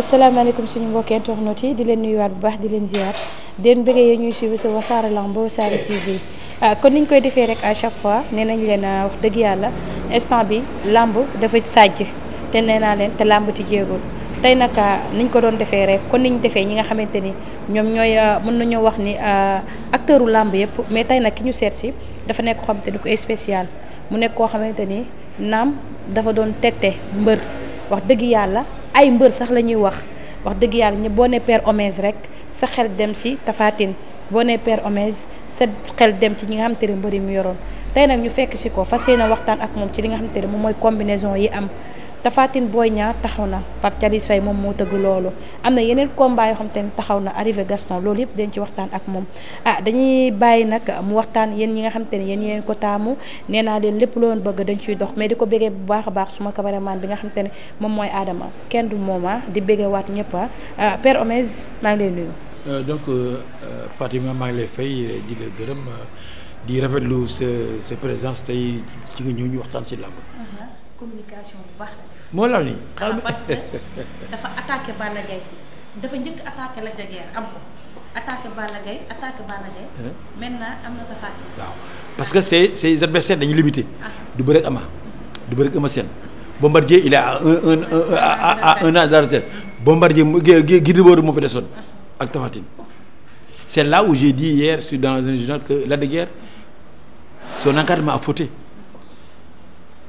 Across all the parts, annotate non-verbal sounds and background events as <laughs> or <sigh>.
asalaamaaleykum suñu mbokki internet yi di leen nuyuwaat bu baax di leen ziar di leen bëggee yéen ñuy suivre sa Wassare Lamb Wassare TV ah, kon ni niñ koy defee rek à chaque fois nee nañ leen ah, wax dëgg yàlla instant bi lamb dafa sàjj te nee naa leen te lamb ci jéegul tey nag ah, niñ ko doon defee rek kon niñ defee ñi nga xamante ni ñoom ñooy mën nañoo wax ni acteuru làmb yëpp mais tey nag ki ñu seet si dafa nekk koo xamante ni ku spécial mu nekk koo xamante ni naam dafa doon tete mbër wax dëgg yàlla. ay mbër sax la ñuy wax wax dëgg yàlla ñi boo ne Père Omez rek sa xel dem si tafaatin boo ne Père Omez sa xel dem ci ñi nga xam ne mbër yi mu yoroon tey nag ñu fekk si ko fas yéene waxtaan ak moom ci li nga xamante ne moom mooy combinaison yi am Tapha Tine Boy Niang taxaw na Pape Thialis Faye moom moo tëgg loolu am na yeneen combat yoo xam ne taxaw na arrivé Gaston loolu yëpp dañ ci waxtaan ak moom ah dañuy bàyyi nag mu waxtaan yéen ñi nga xam te ne yéen yéen ko taamu nee naa leen lépp loon bëgg dox mais di ko bégee bu baax a baax suma cameraman nga xam te ne moom mooy Adama kenn du mooma ah, di bégee waat ñëpp ah. ah Père Omez maa ngi lay nuyu euh, donc euh, Fatima maa ngi lay fay euh, di la gërëm di rafetlu sa sa présence tey ci nga ñëw ñu waxtaan ci làmb uh-huh. communication bu baax moo law nii. xaaral ah, parce que dafa attaqué Balla Gaye dafa njëkk attaqué Lac de am ko attaqué Balla Gaye attaqué Balla Gaye. Eh? maintenant am na Tapha Tine. parce que ses ses adversaires dañu limité. Ah. du bëre ak Ama du bëre ak Ama Sène. Bombardier il est à un un un à un an de la retraite Bombardier mu Gris Bordeaux moo un journal que Lac de a fauté.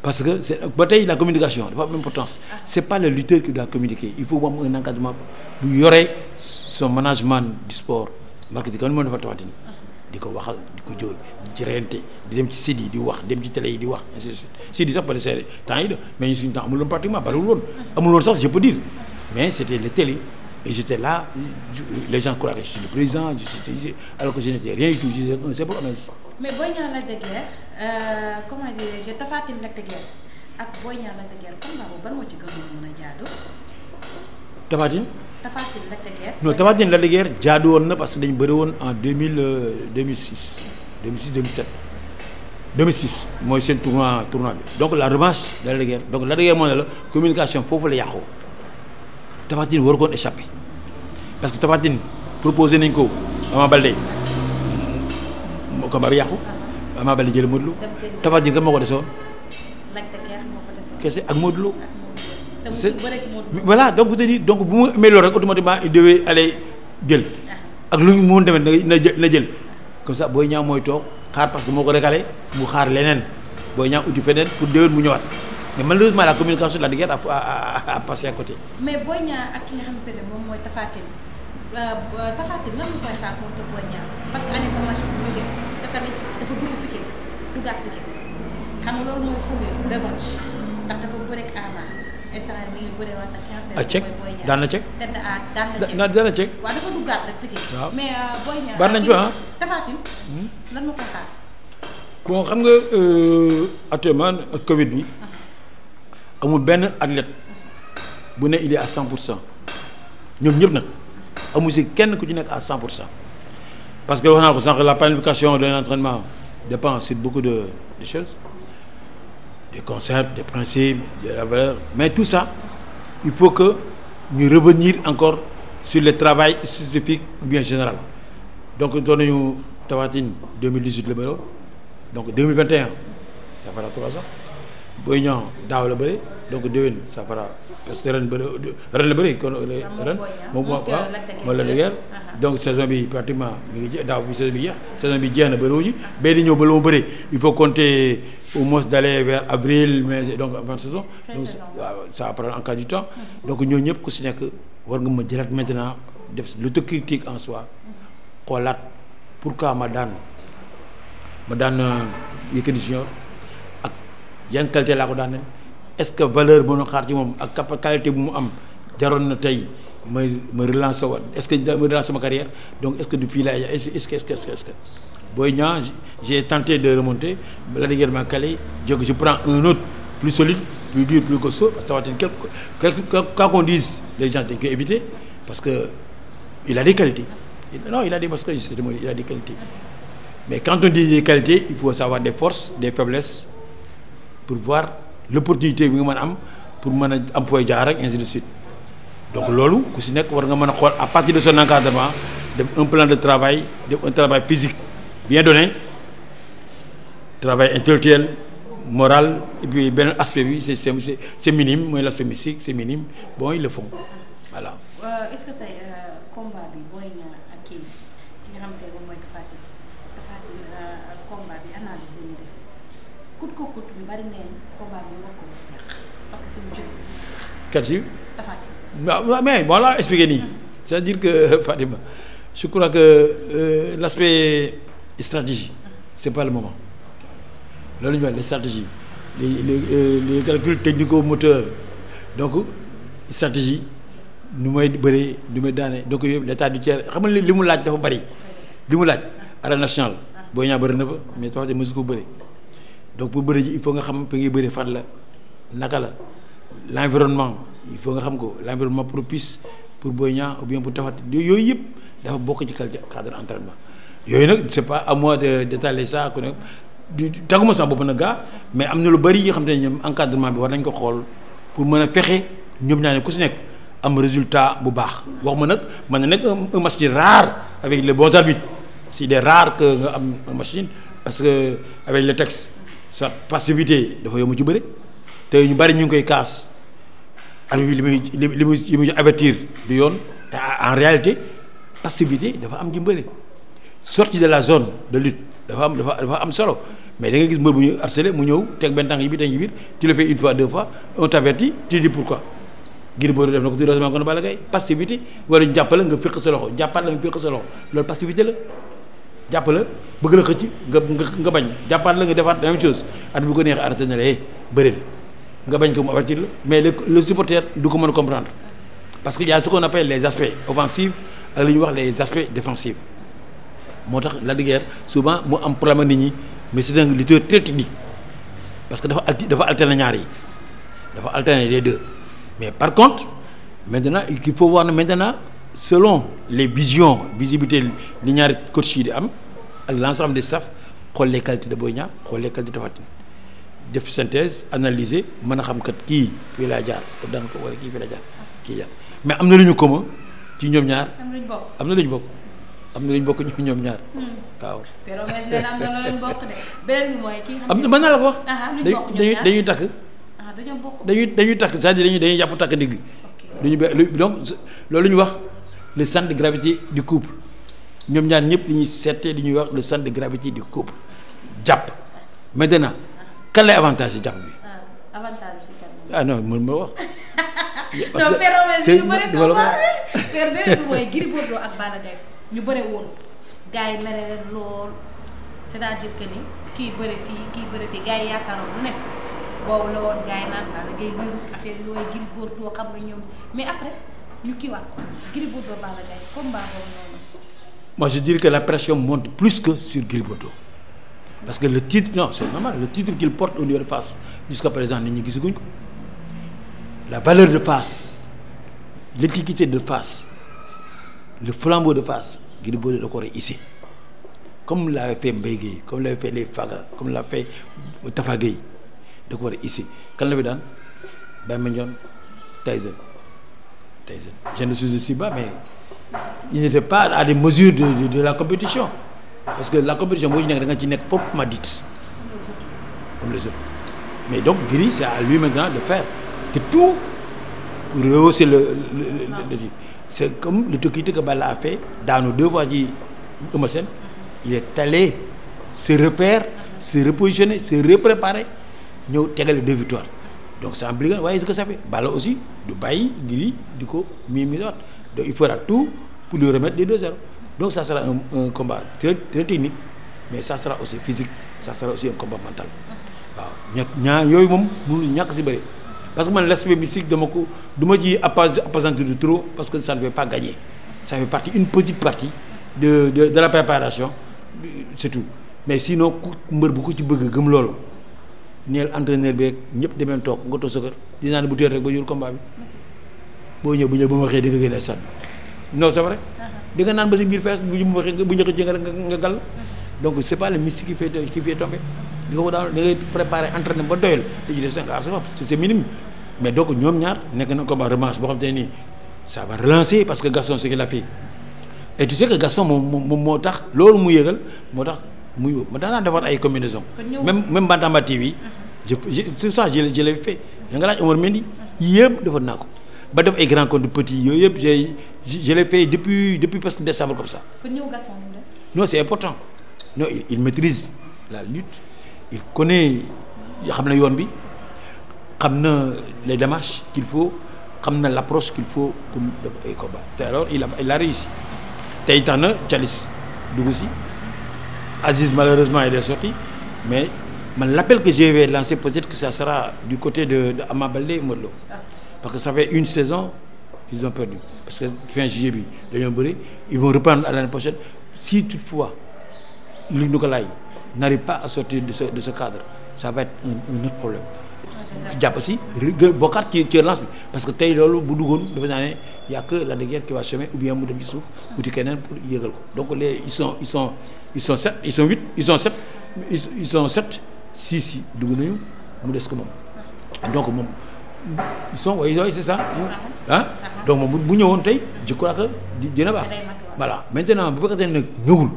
parce que c'est ba tey la communication dafa am importance c'est pas le lutteur qui doit communiquer il faut mu am un encadrement bu yore son management du sport marque di kon moom dafa tawatin di ko waxal di ko jóol di jërente di dem ci site di wax dem ci télé yi di wax ainsi de suite site yi sax pare seere temps yi da mais ñu suñu temps amul woon je peux dire mais c'était les télé et j'étais là les gens croient que le président je suis alors que je n'étais rien du tout c'est pour mais boo ñëwee la de Euh, comment noo je Tapha Tine Lac de jaadu. woon na parce que dañu bëri woon en deux mille euh, deux mille six deux mille six deux mille sept. mooy seen tournoi tournoi bi donc la revanche de Lac de donc Lac de moo ne la communication foofu la yàqu Tapha Tine war échappé parce que Tapha Tine proposé nañ ko Ama Baldé moo combat bi yàqu. Ama Baldé jël Modou Lô. Tapha Tine kan moo ko desoon. kese ak Modou Lô. voilà donc je te dis donc bu mu amee loolu rek automatiquement il devait aller jël. Ah. ak lu mu mën demee na jël na jël comme ça booy ñaaw mooy toog xaar parce que moo ko récalé mu xaar leneen booy ñaaw uti feneen pour déwén mu ñëwaat. mais malheureusement la communication de la guerre a a a passé à côté. mais Euh, Tapha Tine lan moo koy parce que année promotion xam nga loolu mooy fumée revanche cek ah, daan na cek tedd na cek daan na cek ah, waaw dafa duggaat rek Pikine waaw mais euh, Boy Niang nañ fa ah? Tapha Tine hmm? xam nga euh, actuellement Covid bi amul benn athlète bu ne il est à cent pour cent ñoom ñëpp nag amu si kenn ku ci nekk à 100 pour cent parce que wax naa ko sànq la planification d'un entraînement dépend sur beaucoup de de choses des concepts des principes de la mais tout ça il faut que ñu revenir encore sur le travail spécifique ou bien général donc doon nañu Tapha Tine 2018 la bëre donc 2021 ça fera trois ans Boy Niang daaw la bëri donc déwén ça fera parce que ren bëri ren la bëri kon ren moom moo waaw moo la dëgër donc saison bi pratiquement mu ngi daaw bi saison bi jeex saison bi jeex na bëriwuñu bay di ñëw ba lu mu bëri il faut compter au moins d'aller vers avril mai donc avant saison donc waaw ça prend encore du temps uh-huh. donc ñoo ñëpp ku si nekk war nga ma jëlaat maintenant def si l'autocritique en soi uh-huh. xoolaat pourquoi ma daan ma daan euh, Yékini Junior yan qualité laa ko daaneel est-ce que valeur bu ñu xaar ci moom ak capa qualité bu mu am jaroon na tey may ma relancer waat est-ce que ma relancer ma carrière donc est-ce que depuis là est est-ce que est-ce que Boy Niang j'ai tenté de remonter la dégg ma calé donc je prends un autre plus solide plus dur plus costaud parce que Tapha Tine quelque quoi koy éviter parce que il a des qualités non il a des parce que il a des qualités mais quand on dit des qualités il faut savoir des forces des faiblesses pour voir l'opportunité bi nga mën am pour mën a am fooy jaar rek ainsi de suite donc loolu ku si nekk war nga mën a xool à partir de son encadrement def un plan de travail def un travail physique bien donné travail intellectuel moral et puis beneen aspect bi c'est c'est c'est minime mooy l'aspect mystique c'est minime bon ils le font voilà. Euh, kan si. waaw mais moo la expliqué nii. Mm. c'est-à-dire que euh, Fatima je crois que euh, l'aspect stratégie. Mm. c'est pas le moment. loolu ñu wax les stratégies les les euh, les calculs donc stratégie nu may bëree nu may daane donc yooyu l'état du tiers xam nga li mu laaj dafa bari li mu laaj arène nationale boo ñaa bëri na fa mais tax de mësu ko bëri donc pour bëri ji il faut nga xam fi ngay bëree fan la naka la. l' environnement il faut nga xam ko l' environnement propice pour Boy Niang ou bien pour yooyu yëpp dafa bokk ci cadre entraînement yooyu nag c' est pas à moi de détailler ça ku ne du tàgguma sama bopp nag gaa ah, mais am na lu bari yoo xam te ne ñoom encadrement bi war nañ ko xool pour mën a fexe ñoom ñaa ne ku si nekk am résultat bu baax wax ma nag mën na nekk un match rare avec les bons arbitres c' est rare que nga am machine parce que avec le texte soit passivité dafa yomb ci bëri. te ñu bari ñu ngi koy kaas arbitre bi li muy li muy li muy avertir du yoon en réalité passivité dafa am dimbali sortie de la zone de lutte dafa am dafa dafa am solo mais da gis mbër bu ñu harcelé mu ñëw teg benn tànk yi bi tey ci biir tu le fais une fois deux fois on t'avertit tu dis pourquoi. ngir booru def na ko heureusement kon Balla Gaye passivité wala ñu jàppale nga féq sa loxo jàppal la nga féq sa loxo loolu passivité la jàppala bëgg la xëcc nga nga bañ jàppal la nga defaat la at ko neex arrêté na la eh, bëri nga bañ ko mu avertir mais le le du ko mën a comprendre parce que y a ce qu'on appelle les aspects offensifs ak li ñuy wax les aspects défensifs moo tax la de Guiers souvent mu am problème nit ñi mais c'est un lutteur très technique parce que dafa dafa alterner ñaar yi dafa alterner les deux mais par contre maintenant il faut voir ne maintenant selon les visions visibilité li ñaari coach yi di am ak l'ensemble des staff xool les qualités de Boy Niang xool les qualités def synthèse analyser mën a xam kat kii fii laa jaar te ko wala kii fii laa jaar kii mais am na lu ñu commun ci ñoom ñaar. am na lu ñu bokk am na lu ñu bokk ñoom ñaar. Hmm. waaw. am na lu ñu bokk de dañuy takk. dañoo bokk dañuy dañuy takk c'est-à-dire dañuy dañuy jàpp takk digg. lu ñu lu donc loolu ñu wax le centre de gravité di couple ñoom ñaar ñëpp lu ñuy seetee lu ñuy wax le centre de gravité di couple jàpp maintenant. kan lay ah, avantage si jàpp bi. avantage ah bi ma wax. <laughs> parce que sëñ bi dama la ko wax père beneen bi mooy Gris lool c'est-à-dire que ni kii bëre fii kii bëre fii gars yaakaaroon lu nekk boobu la woon gars yi naan Balla Gaye wérut affaire yooyu Gris Bordeaux xam nga ñoom mais après ñu kiiwaat Gris Bordeaux Balla Gaye combat boobu noonu. moi je dirais que la pression monte plus que sur Gris Bordeaux. parce que le titre non c'est normal le titre qu'il porte au niveau de Fass jusqu'à présent nit ñi gisaguñ ko la valeur de Fass l'antiquité de Fass le flambeau de Fass Gris Bordeaux da ko comme l'avait fait Mbaye Guèye comme l'avait fait les Faga comme l'avait fait Tafa Guèye da kan la fi daan Baye Mandione Tyson Tyson je ne suis pas mais il n'était pas à des mesures de la compétition parce que la compétition boo ci nga ci nekk proprement dite mais donc Gris c'est à lui maintenant de faire de tout pour rehausser le le le c'est comme le tokki que Balla a fait dans nos deux fois ji Eumeu Sène il est allé se refaire se repositionner se repréparer ñëw tegale deux victoires donc ça implique waaye ce que ça fait aussi du bàyyi Gris di ko mii misaat donc il fera tout pour lui remettre les deux zéro donc ça sera un, un combat très technique mais ça sera aussi physique ça sera aussi un combat mental waaw ñett ñaa yooyu moom mënuñu ñàkk si bëri parce que man l'aspect mystique dama ko du ma ji appesantir de trop parce que ça ne fait pas gagner ça partie une petite partie de de de la préparation c'est tout mais sinon ku mbër bu ko ci bëgg gëm loolu neel entraîneur beeg ñëpp demeen toog nga toog sa kër dinaa ne bu teel rek ba jur combat bi boo ñëw bu ñëw ba ma xëy di nga génne sànni non di nga naan ba si biir fees bu ñu waxee bu njëkk jëngal nga gal donc c'est pas le mystique qui fait qui di nga ko daan da ngay préparer entraîné ba doyal te ji de nga aar sa bopp c'est minime mais donc ñoom ñaar nekk na combat revanche boo xam te nii ça va relancer parce que Gaston c'est qu'il a fait et tu sais moom moom moo tax loolu mu yëgal moo tax muy ma daanaa defar ay combinaison même même Bantamba TV uh-huh. je c'est ça je l'ai fait da nga laaj Omar m yëpp defar naa ko ba def ay grands comptes petits yooyu yëpp j'ai je l'ai fait depuis depuis presque décembre comme ça. kon ñëw Gaston non c'est important non il, maîtrise la lutte il connaît xam na yoon bi xam na les démarches qu'il faut xam na l'approche qu'il faut pour def ay combat te alors il a il a réussi tey tax na Thialis dugg si Aziz malheureusement il est sorti mais man l'appel que je vais peut-être que ça sera du côté de de Ama Baldé Modou parce que ça fait une saison ils ont perdu parce que fin juillet bi dañoo bëri ils vont reprendre à l'année prochaine si toutefois li ñu ko laaj n'arrive pas à sortir de ce de cadre ça va être un, autre problème. jàpp si gë bokkaat ci ci relance bi parce que tey loolu bu duggoon dafa naa ne y a que la guerre qui va chemin ou bien mu dem ci suuf uti keneen pour yéegal ko donc les ils sont ils sont ils son sept ils sont huit ils sont sept ils sont sept six dugg nañu mu des ko moom moom. son oui oui c'est ça ah donc bu ñëwoon tey je crois que dina baax voilà maintenant bu fekkee nag ñëwul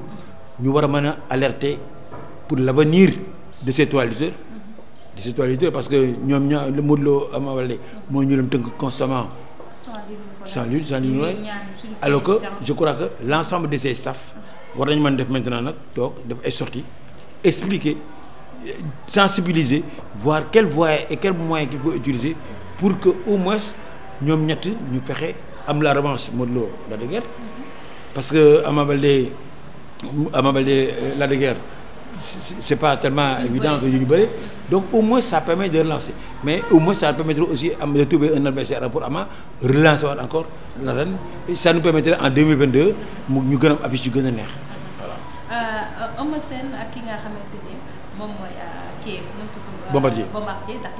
ñu war a mën a alerter pour l'avenir de ces trois lutteurs de ces trois lutteurs parce que ñoom ña Modou Lo Ama Baldé moo ñu leen tënk constamment sans lutte sans lutte alors que je crois que l'ensemble de ces staff war nañu mën def maintenant nag toog def ay sorties expliquer sensibiliser voir quelle voie et quel moyen qu'il faut utiliser pour que au moins ñoom ñett ñu fexe am la revanche Modou Lo Lac de Guiers parce que Ama Baldé Ama Baldé euh, Lac de Guiers c'est pas tellement évident que ñu ngi bëri donc au moins ça permet de relancer mais au moins ça permettra aussi am de trouver un adversaire pour Ama relancer waat encore la ren ça nous permettra en 2022 mu ñu gën a am yu gën a neex voilà. Euh, Eumeu Bombardier Bombardier ndax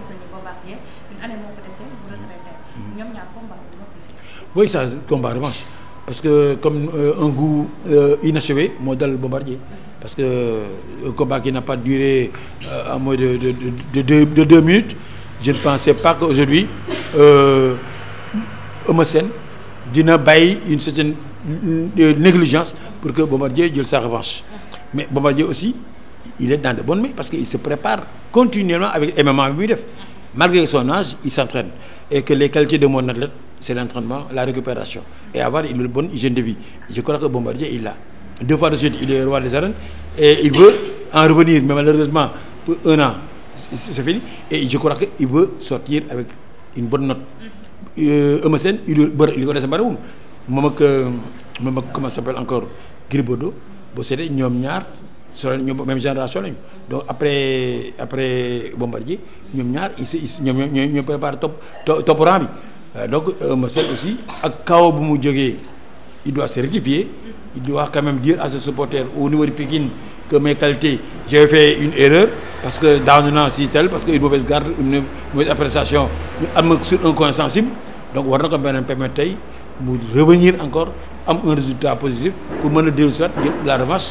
combat revanche parce que comme euh, un goût euh, inachevé moo dal Bombardier mhm. parce que euh, combat qui n'a pas duré euh, à moins de de de de de deux minutes je ne pensais pas que aujourd'hui euh, Eumeu Sène dina bàyyi une certaine négligence pour que Bombardier jël sa revanche mhm. mais Bombardier aussi. il est dans de bonnes mains parce que il se prépare continuellement avec MMA bi muy def malgré son âge il s'entraîne et que les qualités de mon athlète c'est l'entraînement la récupération et avoir une bonne hygiène de vie je crois Bombardier il l'a deux fois de suite il est roi des arènes et il veut en revenir mais malheureusement pour un an c'est fini et je crois que il veut sortir avec une bonne note euh, Eumeu Sène il bër li ko dese bariwul moom ak euh, moom ak comment s'appelle encore Gris ñoom ñaar solo ñu même génération lañu donc après après Bombardier ñoom ñaar ils ñoo ñoo préparé topp topp rang bi euh, donc ma seet aussi ak kaw bu mu jógee il doit se rectifier il doit quand même dire à ses supporters au niveau de Pikine que mes qualités j'ai fait une erreur parce que daanu na si parce que une mauvaise garde une mauvaise appréciation ñu am sur un coin sensible donc war na ko beneen permettre tey mu revenir encore am un résultat positif pour mën a dellu soit la revanche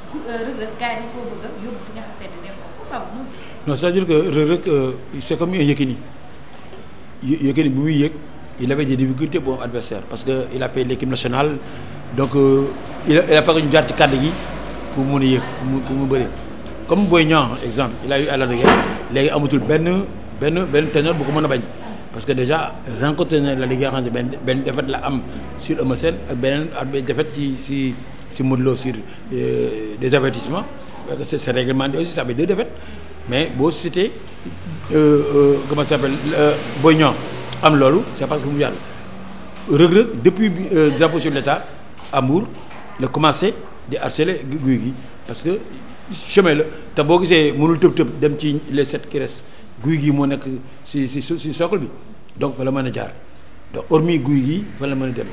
Reug Reug c'est-à-dire que Reug Reug c'est euh, comme Yékini Yékini bu muy yëg il avait des difficultés pour am adversaire parce que il a fait l'équipe nationale donc euh, il a il ñu jaar ci kàddu gi pour mun a yëg pour mu bëri comme Boy Niang exemple il a eu à la guerre léegi amatul benn benn benn ténor bu ko mën a bañ. parce que déjà rencontré na la Ligue xam ne benn benn la am sur Eumeu Sène ak beneen benn défaite ci ci ci sur euh, des avertissements euh, c'est c'est réglementé aussi ça fait deux défaites mais boo cité euh, euh comment ça s'appelle euh, Boy am loolu c'est parce que mu yàlla Reug Reug depuis drapeau sur l'État à Mbour la commencé di harceler guy gi parce que chemin la te boo gisee mënul tëb tëb dem ci le sept qui guy gi moo nekk si si si socle bi donc fa la mën a jaar donc hormis guy gi fa la mën a dem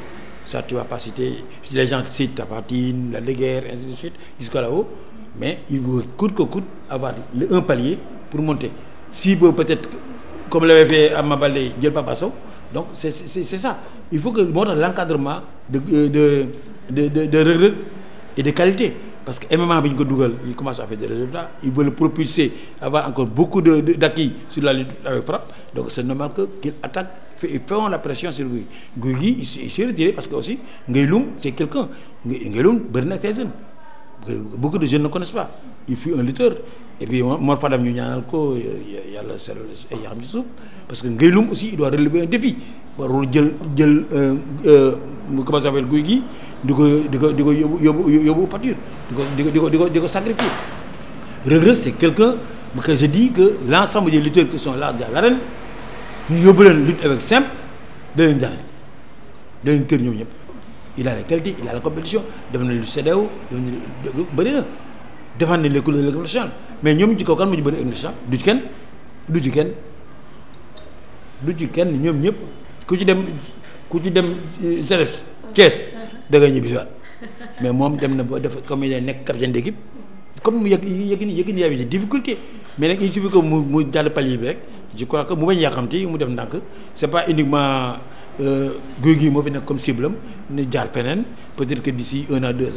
Soit tu vas pas citer, si les gens citent Tapatine, la Léguère, ainsi de suite, jusqu'à là-haut. Mais il veut coûte que coûte avoir un palier pour monter. Si peut-être, comme l'avait fait à Mabalé, Dieu pas donc c'est ça. Il faut que montre l'encadrement de, de, de, de, de et de qualité. Parce que MMA, il commence à faire des résultats. Ils veulent propulser, avoir encore beaucoup d'acquis sur la lutte avec frappe. Donc c'est normal qu'ils qu attaquent ils font la pression sur Guy Guy gi il, parce que aussi Ngay Loum c'est quelqu'un Ngay Loum bëri na beaucoup de jeunes ne connaissent pas il fut un lutteur et puis Mor Fadam ñu ko yàlla sell parce que Ngay Loum aussi il doit relever un défi warul jël jël euh, euh, comment ça s'appelle Guy di ko sacrifier Reug c'est quelqu'un que je dis que l'ensemble des lutteurs qui sont là dans l'arène ñu yóbbu leen lutte avec simple da leen daan leen kër ñoom ñëpp il a la qualité il a la compétition def na lu CEDEAO def na lu bëri na defaan nañ les couleurs nationale mais ñoom ci kaw kan mu ci bëri équipe nationale du ci kenn du ci kenn ñoom ñëpp ku ci dem ku ci dem euh, CEDEPS Thiès da ñibbi si waat mais moom dem na boo def comme il nekk capitaine d'équipe comme mu yëg yëg ni yëg ni yaa ngi ci difficulté mais nag il suffit mu mu jàll yi bi rek. je crois que mu bañ yàkkamti mu def ndànk c'est pas uniquement euh, guy gi moo fi nekk comme cible am ne jaar peneen peut-être que d'ici un à deux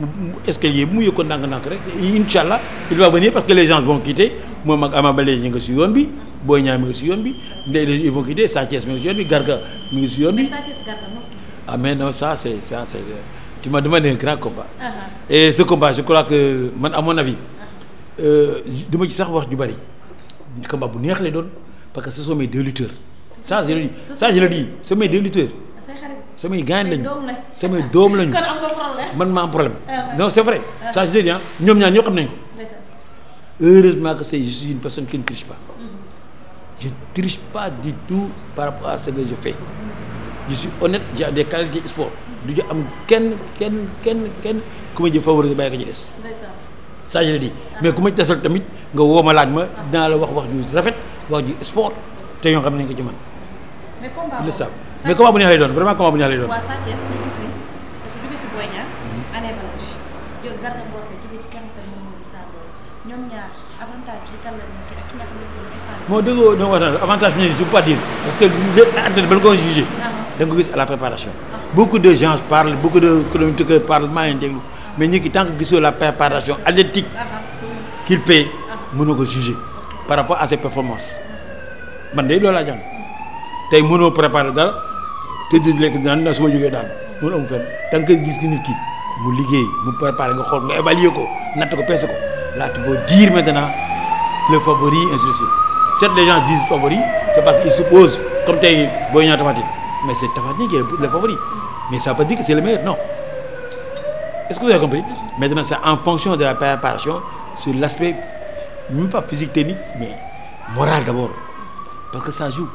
mu escalier bi mu yëg ko ndànk-ndànk rek incha allah il va venir parce que les gens vont quitter moom ak Ama Baldé ñu nga si yoon bi boo Niang mi ngi si yoon bi Ndeye ils vont quitter Sa Thiès mi ngi si yoon bi Garga mi ngi si yoon bi. ah mais non ça c'est ça c'est tu m'as demandé grand combat. Ah, ah. et ce combat je crois que man à mon avis ah. euh, duma ci sax wax ju bari. combat bu neex lay doon parce que ce sont mes deux lutteurs. ça je le dis ça je le dis samay deux lutteurs. gaañ lañu samay doom lañu. man maa am problème. non c'est vrai ça je le dis ah ñoom ñaar ñoo xam nañu ko. heureusement que c'est je suis une personne qui ne mm-hmm. pas. du tout par rapport à ce que je fais. je suis honnête j'ai des qualités sport. du ñu am kenn kenn kenn kenn ku ma ji favoriser bàyyi ko ñu des. ça je le mais ku ma tasal tamit nga woo ma laaj ma ah. dinaa la wax wax ju rafet wax ju sport te yoo xam ne nga ko ci mën. mais combat bu neex mais doon vraiment combat bu neex lay doon. waaw Sadio Seye suñu mm-hmm. moo déggoo ñoom wax na avantage bi je peux pas dire parce que lépp àddina ba ah. nga ko jugé. da ko gis à la préparation. Ah. beaucoup de gens parlent beaucoup de chroniqueurs mais ñu ki tant que gisoo la préparation athlétique qu'il paie mënoo ko juger par rapport à ses performances man de loolu laa jàng tey mënoo préparer dara te di lekk daan na su ma jógee daan mënoo am fenn tant que gis nit ki mu liggéey mu préparer nga xool nga évaluer ko natt ko peese ko laata boo dire maintenant le favori ainsi de suite certes les gens disent favori c'est parce qu'ils supposent comme tey booy ñaata Tapha Tine mais c'est Tapha Tine qui est le favori est-ce que vous avez compris maintenant c'est en fonction de la préparation sur l'aspect même pas physique technique mais moral d'abord parce que ça joue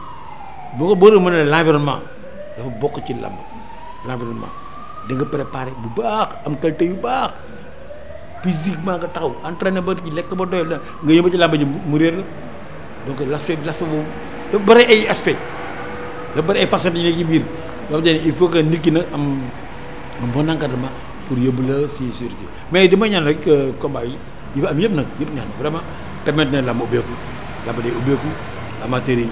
boo ko boole mën ne l'environnement dafa bokk ci làmb l'environnement da nga préparer bu baax am qualité yu baax physiquement nga taxaw entraîné ba ci lekk ba doyul nga yëngu ci làmb ji mu réer la donc l'aspect l'aspect boobu dafa bëri ay aspect la bëri ay facettes yi nekk ci biir dafa jëlee il faut que nit ki nag am un bon encadrement pour yóbbu la si sur kii mais dama ñaan rek euh, combat yi yi fi am yëpp nag yëpp ñaan vraiment permettre na lamb ubbeeku lamb day ubbeeku amateur yi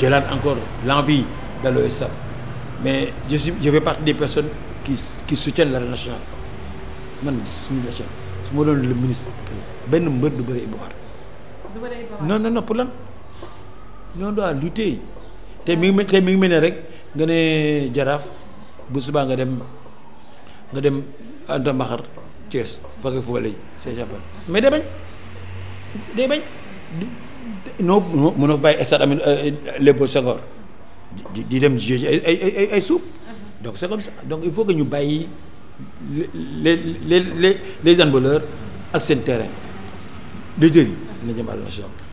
jëlaat encore l'envie dans le stade mais je suis je partie des personnes qui qui soutiennent l'arène nationale man suñu nation su ma doon le ministre benn mbër du bëri Ibou Mar. du bëri Ibou Mar mi ngi te mi ngi mel ne rek nga ne jaraaf bu subaa nga dem. nga dem Anta Mbaxar Thiès parce que foofu lay c'est japonais mais day bañ day bañ noo noo mënoo bàyyi stade Ami euh, Léopold Senghor di di dem jugé ay ay ay ay donc c'est comme donc il faut que ñu bàyyi le les les les handballeurs ak seen terrain de jëriñ. dina jëm à